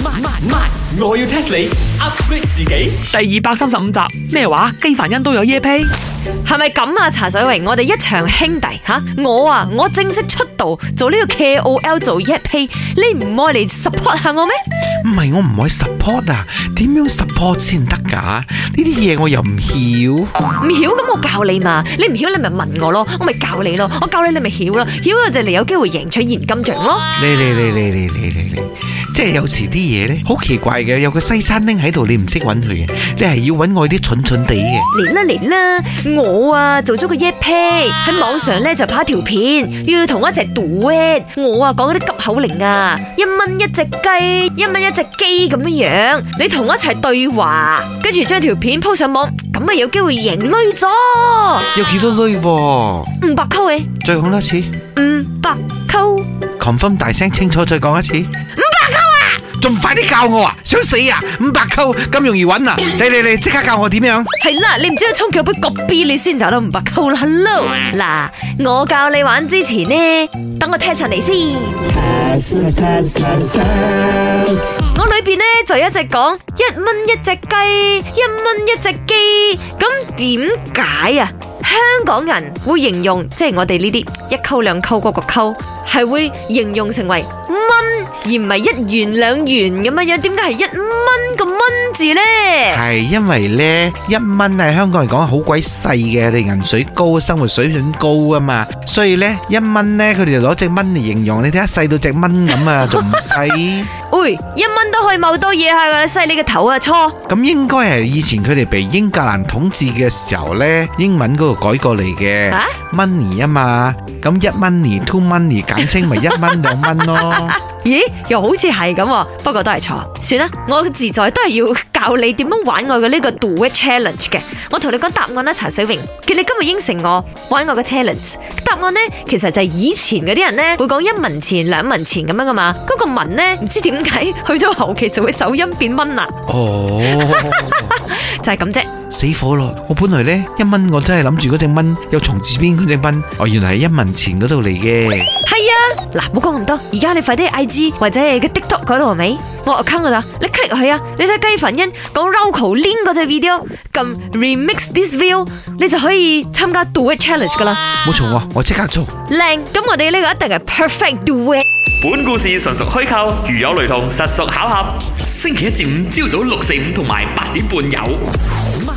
My, my. 我要 test 你 upgrade 自己。2 第二百三十五集咩話？基凡恩都有 EP 係咪咁啊？查水榮，我哋一場兄弟吓、啊，我啊，我正式出道做呢個 KOL 做 EP 你唔愛嚟 support 下我咩？唔係我唔會 support 啊，點樣 support 先得噶？呢啲嘢我又唔曉，唔曉咁我教你嘛？你唔曉你咪問我咯，我咪教你咯，我教你你咪曉咯，曉我就嚟有機會贏取現金獎咯。嚟嚟嚟嚟嚟嚟嚟嚟，即係有時啲嘢咧，好奇怪嘅，有個西餐廳喺度，你唔識搵佢嘅，你係要搵我啲蠢蠢地嘅。嚟啦嚟啦，我啊做咗個 app 喺網上咧，就拍條片，要同我一齊 duet 我啊講嗰啲急口令啊一蚊一隻雞，一蚊一隻雞咁樣樣，你同我一齊對話，跟住將條片鋪上網，咁啊有機會贏女咗，有幾多女、哦？五百溝嘅，再講多次，五百溝，勤奮大聲清楚再講一次。仲快啲教我啊！想死啊！五百扣咁容易揾啊！你你你，即 刻教我點樣？係 啦，你唔知道充幾多幣你先找到五百扣啦？嗱，我教你玩之前呢，等我踢 e 你先。我裏面呢就一直講一蚊一隻雞，一蚊一隻雞，咁點解啊？一香港人會形容，即係我哋呢啲一溝兩溝嗰個溝，係會形容成為蚊，而唔係一元兩元咁樣樣。點解係一蚊個蚊字呢？係因為呢「一蚊係香港人講好鬼細嘅，我銀水高，生活水平高啊嘛，所以呢「一蚊呢，佢哋就攞隻蚊嚟形容。你睇下細到隻蚊咁啊，仲細。 一蚊都可以謀多嘢，係你犀利個頭啊，錯。咁應該係以前佢哋被英格蘭統治嘅時候咧，英文嗰度改過嚟嘅啊，money 啊嘛，咁一 money two money 簡稱咪一蚊兩蚊咯。咦，又好似係咁，不過都係錯。算啦，我嘅自在都係要。教你點樣玩我嘅呢個 Duet Challenge 嘅，我同你講答案咧，查水榮，佢你今日應承我玩我嘅 challenge，答案呢，其實就係以前嗰啲人呢會講一文錢兩文錢咁樣噶嘛，嗰、那個文呢，唔知點解去咗後期就會走音變蚊啊，哦、oh. 就係咁啫。死火咯！我本來咧，一蚊，我都係諗住嗰隻蚊，有蟲字邊嗰隻蚊，哦，原嚟係一文錢嗰度嚟嘅。係啊，嗱，冇講咁多，而家你快啲 IG 或者係個 TikTok 嗰度係咪我 account 㗎啦，你 click 佢啊！你睇雞凡欣講 local link 嗰隻 video，撳 remix this video，你就可以參加 do it challenge 噶啦。冇錯喎，我即刻做。靚，咁我哋呢個一定係 perfect do it。本故事純屬虛構，如有雷同，實屬巧合。星期一至五朝早六四五同埋八點半有。